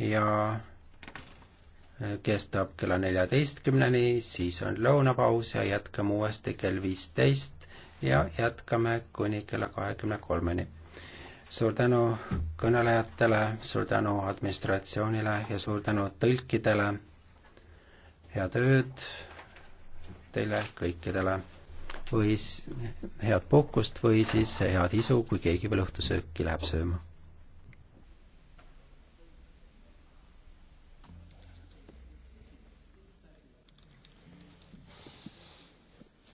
ja äh, kestab kella neljateistkümneni, siis on lõunapaus ja jätkame uuesti kell viisteist ja jätkame kuni kella kahekümne kolmeni. suur tänu kõnelejatele, suur tänu administratsioonile ja suur tänu tõlkidele. head ööd teile kõikidele või head puhkust või siis head isu, kui keegi veel õhtusööki läheb sööma